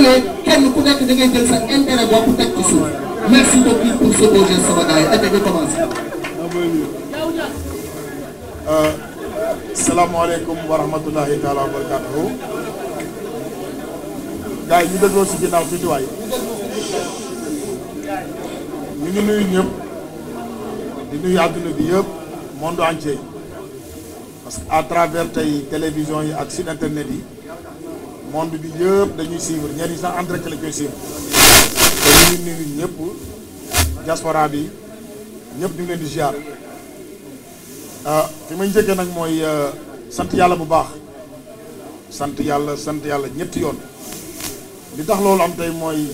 ñëwee kenn ku nekk da ngay jël sa intérêt bopp teg ci suuf merci beaucoup pour ce beau geste sama gars yi aca ñu commencé euh, salaamaaleykum wa rahmatulahi taala wa barakatuhu gars yi ñu dégloo si ginnaaw tuuti waay ngi nuyu ñëpp di nuyu àdduna bi yëpp monde entier parce que à travers tey télévision yi ak site internet yi monde bi yëpp dañuy suivre ñenn ñi sax en direct lañ koy suivre te ñu nuyu bi ñëpp ñu ngi leen di ziar euh, fi may njëkkee nag mooy euh, sant yàlla bu baax sant yàlla sant yàlla ñetti yoon li tax loolu am tey mooy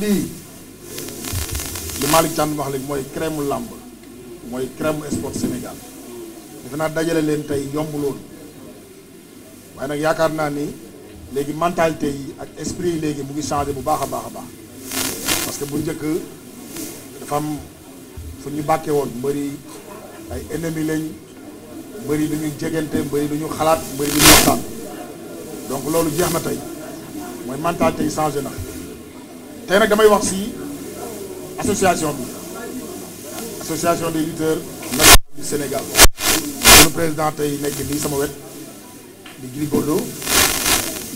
lii li Malick Thiam wax léegi mooy crème làmb mooy crème sport Sénégal defe naa dajale leen tey yombul woon waaye nag yaakaar naa ni léegi mentalité yi ak esprit yi léegi mu ngi changé bu baax a baax a baax parce que bu njëkk dafa am fu ñu bàkkee woon mbëri ay ennemis lañ mbëri du ñu jegante mbëri du xalaat mbëri du ñu donc loolu jeex na tey mooy mentalité yi changé na tey nag damay wax si association bi association des lutteurs nationale du Sénégal sunu président tey nekk nii sama wet di Gris Bordeaux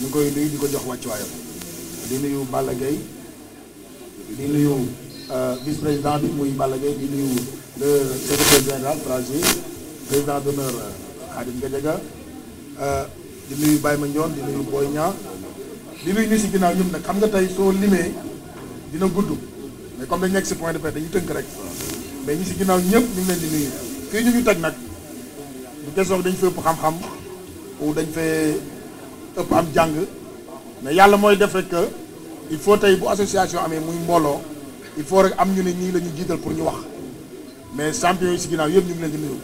ñu koy nuyu di ko jox wàccuwaayam di nuyu Balla Gaye di nuyu euh, vice président bi muy Balla Gaye di nuyu le secrétaire général tragé président d'honneur euh, Khadim Gadiaga euh, di nuyu Baye Mandione di nuyu Boy di nuyu ñi si ginnaaw ñëpp nag xam nga tey soo limee dina gudd mais comme dañ nekk si point de presse tënk rek mais ñi si ginnaaw ñëpp ñu ngi leen di nuyu ñu ñu teg nag bu question xam-xam ou dañ fee ëpp am jàng mais yàlla mooy def rek que il faut tey bu association amee muy mbooloo il faut rek am ñu ne ñii la ñu jiital pour ñu wax mais champion yi si ginaaw yëpp ñu ngi leen di nuyu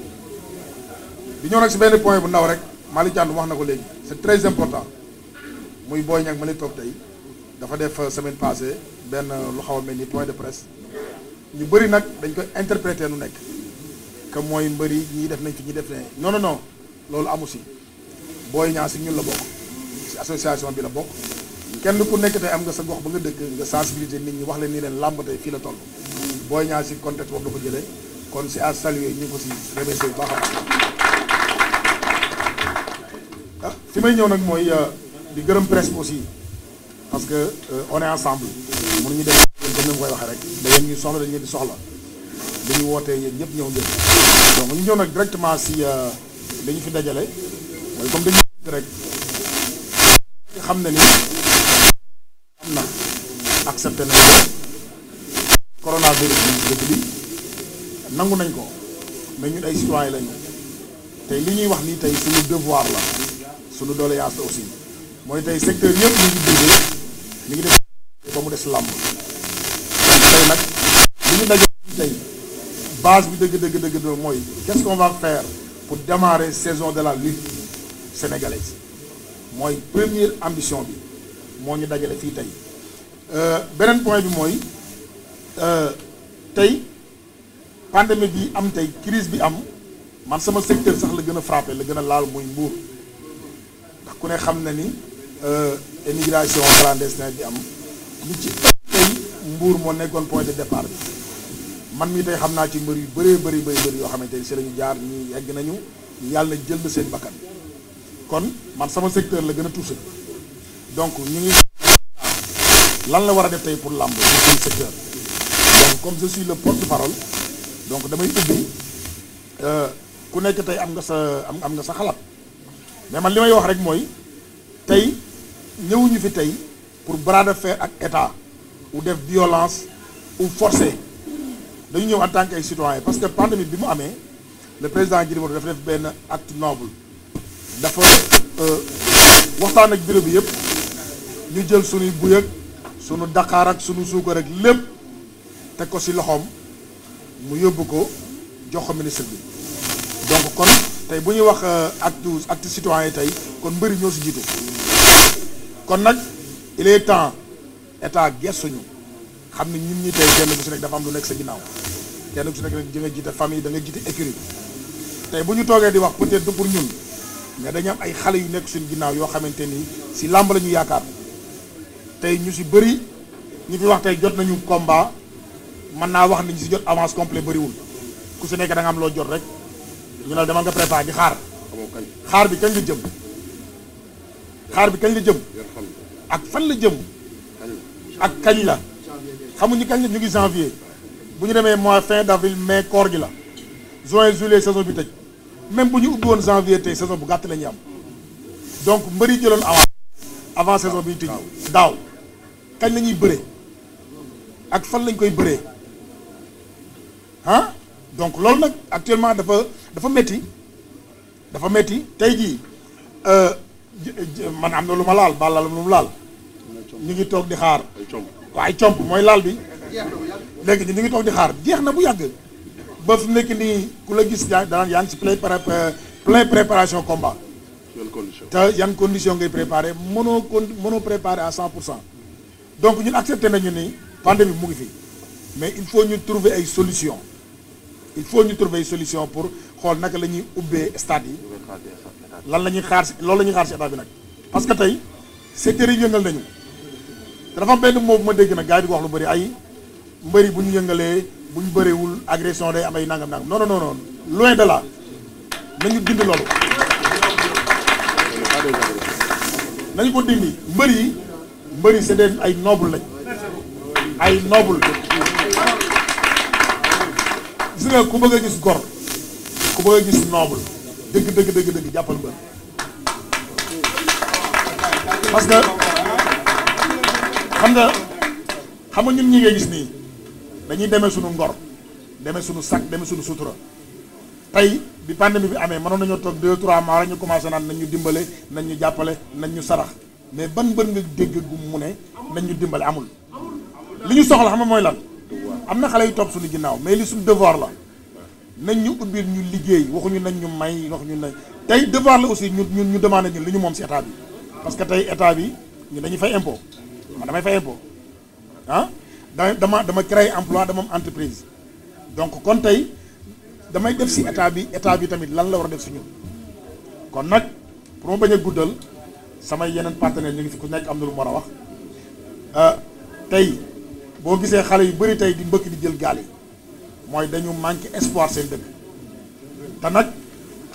di ñëw nag si benn point bu ndaw rek Malick Thiandoum wax na ko léegi c'est très important muy booy Niang ma ne toog tey dafa def semaine passée benn lu xaw a mel ni point de presse ñu bëri nag dañ koy interpréter nu nekk que mooy mbëri ñii def nañ fi ñi def ne non non non loolu amu si Boy Niang si ñun la bokk si association bi la bokk kenn ku nekk tey am nga sa gox ba nga dëkk nga sensibiliser nit ñi wax leen ni leen làmb tey fii la toll Boy Niang si contexte boobu la ko kon si à saluer ñu ko si remercier bu baax a ah, fi may ñëw nag mooy euh, di gërëm presse aussi parce que euh, on est ensemble mënuñu def comme ni koy waxee rek da ngeen ñuy soxla dañ leen di soxla li ñu wootee yéen ñëpp ñëw ngeen donc ñu ñëw nag directement si dañu euh, fi dajale mooy comme dañu rek xam na ni am na accepté nañ ko coronavirus bi li nangu nañ ko mais ñu ay citoyen lañu tey li ñuy wax nii tey suñu devoir la suñu doléance la aussi mooy tey secteur yëpp ñu ngi dundee ñu ngi def ba mu des làmb nag li ñu daje tey base bi dëgg dëgg dëgg mooy quest va faire pour démarrer saison de la lutte sénégalaise mooy première ambition bi moo ñu dajale fii tey euh, beneen point bi mooy euh, tey pandémie bi am tey crise bi am man sama secteur sax la gën a frappé la gën a laal muy mbuur ndax ku ne xam na ni euh, émigration clandestine bi am li ci tey mbuur moo nekkoon point de départ bi man mii tey xam naa ci mbër yu bëree bëri bëri bëri yoo xamante ni si la ñu jaar ñii yegg nañu yàlla jël seen bakkan kon man sama secteur la gën a touché donc ñu ngi lan la war a def tey pour làmb ci secteur donc comme je suis le porte-parole donc damay ubbi euh, ku nekk tey am nga sa am nga sa xalaat mais man li may wax rek mooy tey ñëwuñu fi tey pour bras de fer ak état ou def violence u forcer dañu ñëw en tant que ay citoyen parce que bi mu amee le président Djidy Modou dafa def benn acte noble dafa euh, waxtaan ak bureau bi yëpp ñu jël sunuy buy ak sunu daqaar ak sunu suukar ak lépp teg ko si loxoom mu yóbbu ko jox ko ministre bi donc kon tey bu ñu wax ak euh, acte acte yi tey kon mbëri ñoo ci jiitu kon nag il est temps état gestuñu xam ne ñun ñi tey kenn ku ci nekk dafa am lu nekk sa ginnaaw kenn ku ci nekk nag di famille da nga jiite écurie tey bu ñu toogee di wax peut-être du pour ñun mais dañu am ay xale yu nekk suñ ginnaaw yoo xamante ni si làmb la ñu yaakaar tey ñu si bëri ñu fi wax tey jot nañu combat mën naa wax ni ñu si jot avance complet bariwul ku si nekk da am loo jot rek ñu ne demal nga préparé di xaar xaar bi kañ la jëm xaar bi kañ la jëm ak fan la jëm ak kañ la xamuñu kañ la ñu ngi janvier bu ñu demee mois fin d'avril mais koor gi la juin juillet saison bi tëj même bu ñu ubbi woon janvier tey saison bu gàtt la ñu am donc mbër jëloon avant saison bi ñu tëj daaw kañ la ñuy bëree ak fan lañ koy bëree ah donc loolu nag actuellement dafa dafa metti dafa metti tey jii euh, man am na lu ma laal ba laal lu mu laal ñu ngi toog di xaar waaye comp mooy laal bi léegi ñu ngi toog di xaar jeex na bu yàgg ba fi nekk nii ku la gis yaa daan yaa ngi si plein euh, plein préparation combat. te yan condition ngay préparé mënoo con mënoo préparé à 100 pour cent. donc ñun accepté nañu ni pandémie mu ngi fii mais il faut ñu trouver ay solution il faut ñu trouver ay solution pour xool naka la ñuy ubbee stade yi. lan la xaar si loolu la ñuy xaar si état bi nag. parce que tey secteur yi yëngal nañu. te dafa benn moom ma dégg nag gars yi di ko wax lu bëri ay mbëri bu ñu yëngalee. buñ bëreewul agression day am ay nangam nangam non non loin de là nañu dindi loolu. nañu ko dindi mbër yi mbër yi c'est ay noble lañ ay noble gis nga ku bëgg a gis gor ku bëgg a gis noble dëgg dëgg dëgg jàppal mbër parce que xam nga xam nga ñun ñi ngay gis nii. dañuy demee suñu ngor demee suñu sakk deme suñu sutura tey bi pandémie bi amee manoon nañoo toog deux trois mois ñu commencé naan nañ ñu dimbale nañ ñu jàppale nañ ñu sarax mais ban bën nga dégg gu mu ne nañ ñu dimbale amul li ñu soxla xam nga mooy lan am na xale yu topp suñu ginnaaw mais li suñu devoir la nañ ñu ubbil ñu liggéey waxuñu nañ ñu may waxuñu nañ tey devoir la aussi ñu ñu demandé ñu li ñu moom si état bi parce que tey état bi ñu dañuy fay impo man damay fay impôt ah? da dama dama créer emploi dama am entreprise donc kon tey damay def si état bi état bi tamit lan la war a def si ñun kon nag pour ma bañ a guddal samay yeneen partenaires ñu ngi fi ku nekk am na lu mu war a wax euh, tey boo gisee xale yu bëri tey di mbëkk di jël gaal yi mooy dañu manqué espoir seen dëkk te nag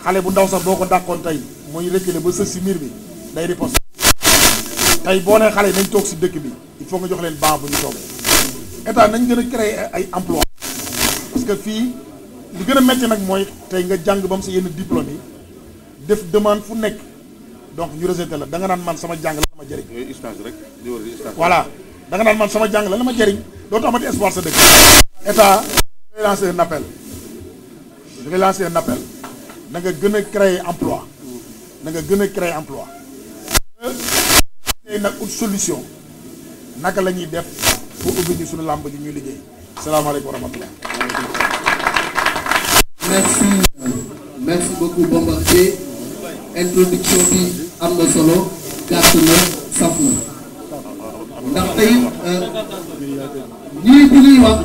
xale bu ndaw sax boo ko dàqoon tey muy reculer ba sës si miir bi day riposte tey boo nee xale yi nañ toog si dëkk bi il faut nga jox leen ban bu ñu toogee état nañ gën a créer ay emploi parce que fii li gën a métti nag mooy tey nga jàng ba mu sa yenn diplôme yi def demande fu nekk donc ñu rejeté la da nga naan man sama jàng la ma jëriñ. yooyu stage rek di voilà da naan man sama jàng la la ma jëriñ dootu amati espoir sa dëkk. état je vais lancer un appel je vais nga gën a créer emploi na nga gën a créer emploi. tey nag ut solution naka la ñuy def. pour ubbi ñu suñu làmb ji merci merci beaucoup Bombardier introduction bi am na solo gàtt na saf na ndax tey ñii euh, wax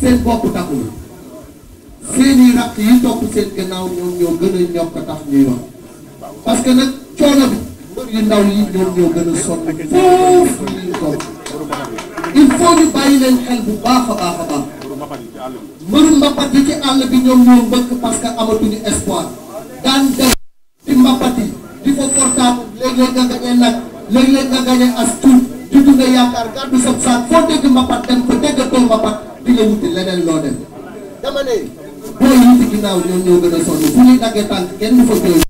seen bopp taxul seeni rakk yi topp seen gannaaw ñoom ñoo gën a ñokk tax ñuy wax parce nag coono bi mbër ndaw yi ñoom ñoo gën a sonn foofu ñuy il faut ñu bàyyi leen xel bu baax a baax a baax mbëru mbapat yi ci àll bi ñoom ñoo mbëkk parce que amatuñu espoir daan dem di mbapat yi di fa fortaat léeg-léeg nga gañee nag léeg-léeg nga gañee as tuut juddu nga yaakaar gàddu sab saak foo dégg mbapat dem ko déggatoo mbapat di nga wuti leneen loo dem dama ne booy yi ci ginnaaw ñoom ñoo gën a sonn fu ñuy daggee tànk kenn du fa jooy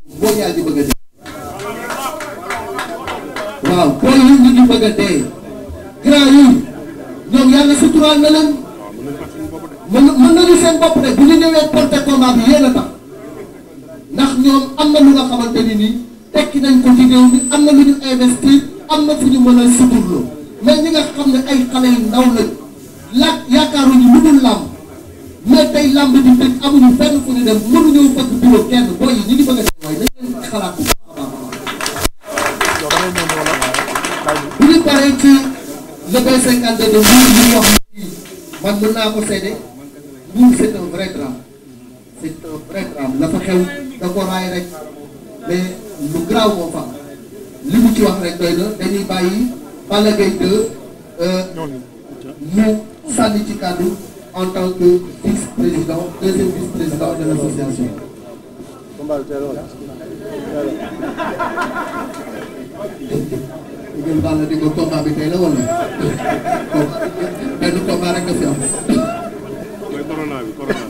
suturaal na leen mën mën nañu seen bopp de bu ñu ñëwee porté combat bi tax ndax ñoom am na lu nga xamante ni nii tekki nañ ko ci réew am na lu ñu investir am na fu ñu mën a suturloo mais ñi nga xam ne ay xale yu ndaw lañ laaj yaakaaruñu lu dul làmb mais tey làmb di tëj amuñu benn fu ñu dem mënuñoo fëgg bureau kenn booy yi ñu ngi bëgg a waaye dañ leen xalaat bu a baax bu ñu paree ci le B52 de Mbour wax man mën naa ko seede Mbour c' est un drame c' est un drame la fa xew da ko raay rek mais lu grave moo fa li mu ci wax rek doy na dañuy bàyyi Balla Gaye 2 euh, mu sànni ci kàddu en tant que vice président deuxième vice président de l' association. ngeen baal na déggoo combat bi tey la wala benn combat rek nga fi am. mooy corona bi corona.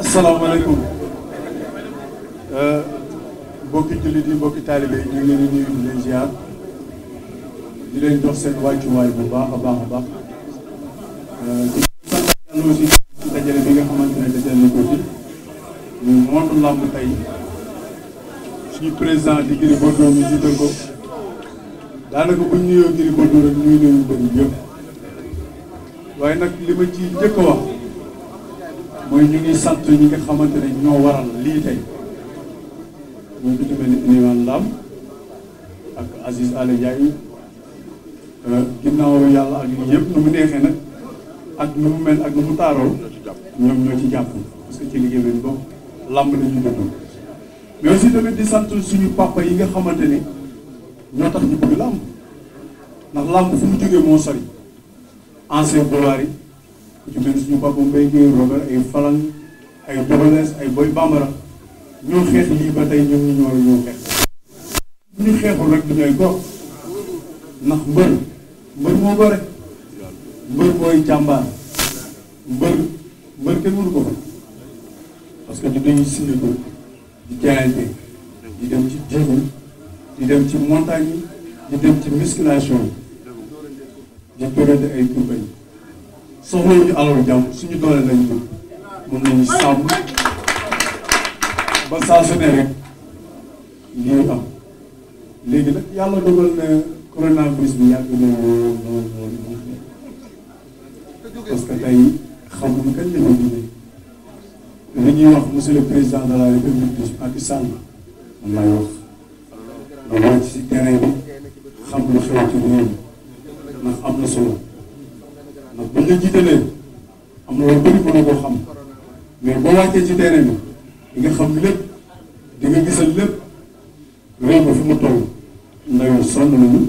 asalaamaaleykum euh, mbokki jullit yi mbokki taalibe yi ñu ngi leen di nuyu di bu baax baax a baax. sant yàlla aussi ci bi nga xamante ne dajale na ko fi tey suñu président di Gris Bordeaux ñu jiital ko daanaka bu ñu nuyoo Gris Bordeaux rek ñuy nuyu bëri yëpp waaye nag li ma ci njëkk a wax mooy ñu ngi sant ñi nga xamante ne ñoo waral lii tey mooy ku ci mel ni Ilimane Lam ak Aziz Aly Ndiaye ginnaaw yàlla ak yëpp na mu neexee nag. ak nu mu ak nu mu taaroo ñoom ñoo ci jàpp parce que ci liggéey bi bokk làmb la ñu dund mais aussi tamit di sant suñu papa yi nga xamante ni ñoo tax ñu bëgg làmb ndax làmb fu mu jógee moo sori ancien boulaar yi ku ci mel suñu papa Mbaye Guèye Robert ay Falang ay Doubales ay Boy Bambara ñoo xeex lii ba tey ñoom ñu ñoo ñoo xeex xeexul rek du ñooy góor ndax mbër mbër moo gore mbër mooy jàmbaar mbër mbër kenn mënu ko fa parce que ñu dañuy simliko di jaayante di dem ci jéego di dem ci montagne yi di dem ci musculation yi di dóorante ay kurbañ soxla ñu alalu jàmm suñu doole lañ jóg moom la ñuy sàmm ba saa su ne rek lii am léegi nag yàlla dogal na coronavirus bi yàgg na lool lool lool parce que tey xamuñ kañ la ñuy dundee li le président de la république du Pakistan am na solo bëri mën na koo xam mais boo wàccee ci terrain bi di nga xam lépp di nga gisal lépp réew mi fi mu toll ndayoon sonn nañu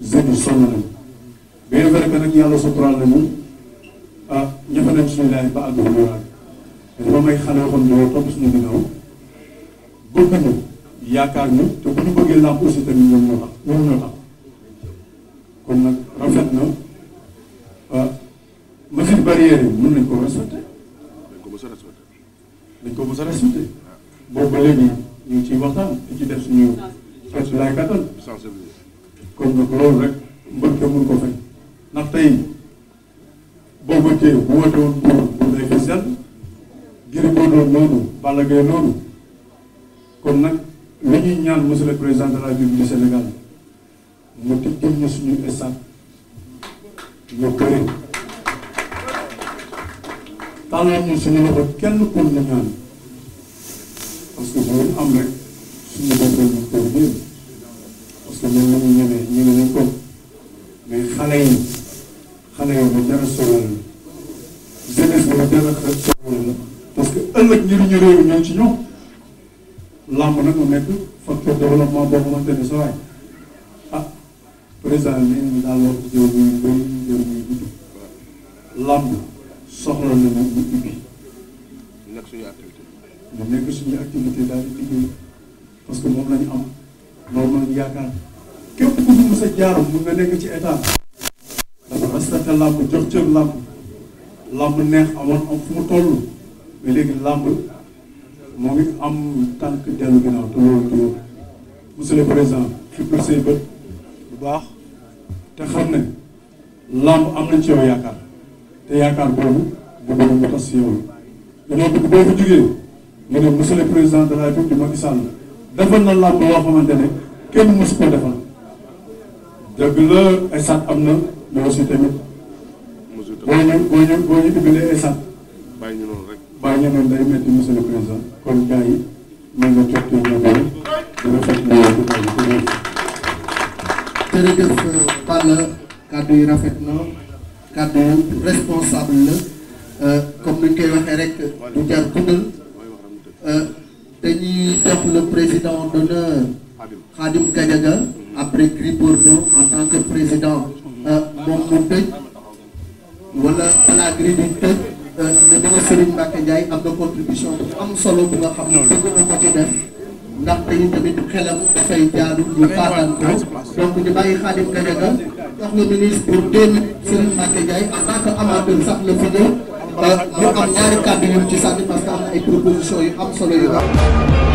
jeunes sonn nañu bien vrai que nag yàlla suturaal nañu ñëpp a suñu laaj ba àgg ñu àgg dafa may xale yoo xam ne ñoo topp suñu ginnaaw bëgg ñu yaakaar ñu te bu ñu bëggee làmp aussi tamit ñoom ñoo tax tax kon nag rafet na ah mesures barrières yi mun nañ ko respecté. dañ ko mos a respecté. dañ ko mos a boobu ba léegi ñu ngi ciy waxtaan di ci def suñu xeetu laay kattan. sensibiliser kon nag loolu rek mbëgg mun ko fay ndax tey. boo bëggee woote woon nguur bu nekk seen Gris Bordeaux noonu Balla Gaye noonu kon nag li ñuy ñaan monsieur le président de la République du Sénégal mu tijjal ñu suñu stade ñu bëri tàllal ñu suñu loxo kenn pour ñu ñaan parce que bu am rek suñu bopp ñu ko parce que ñun ñu ñu ne nañ ko mais xale yi. xale yow bu jar a sóoraale la parce que ëllëg njëriñu réew ñoo ci ñoom làmb nag mu nekk facteur développement boo xamante ne sa waay ah président nee nañu daal wax ci jëw ñuy bëri jëw ñuy gudd mu nekk suñu activité mu nekk suñu activité daal di liggéey parce que moom lañu am loolu yaakaar képp ku fi mës jaar mun nga nekk ci état respecté làmb jox cër làmb làmb neex amoon am fu mu toll mais léegi làmb moo ngi am tànk dellu ginnaaw te loolu du yoon monsieur le président xippil say bët bu baax te xam ne làmb am nañ ci yow yaakaar te yaakaar boobu bu boobu si yow dañoo bëgg boo fi jugee nga ne monsieur le président de la République di Macky Sall defal na làmb loo xamante ne kenn mësu ko defal dëgg la ay sat am na mais aussi tamit boo ñu boo ñu boo ñu dimbalee esat bàyyi ñu noonu rek bàyyi ñu noonu day métti monsieur le président kon gars yi ñu nga jot ñu ñoo bëri dina fekk ñu yàgg bàyyi ko ñoom jërëjëf euh, Balla kàddu yi rafet na kàddu yu responsable la euh, comme ni ñu koy waxee rek du jar guddal euh, dañuy jox le président d'honneur Khadim Gadiaga après Gris Bordeaux en tant que président moom mu tëj wala à l'agriculture euh, le dama Serigne Mbacke Ndiaye am na contribution bu am solo bu nga xam ne bëgg na ko ci def ndax dañu tamit xelam dafay jaadu ñu taataan ko donc ñu bàyyi Khadim Gadiaga jox le ministre pour deux minutes Serigne Mbacke Ndiaye en tant que amateur sax la fi ñëw euh, mu am ñaari kàddu yu ci sànni parce que am na ay propositions yu am solo yu nga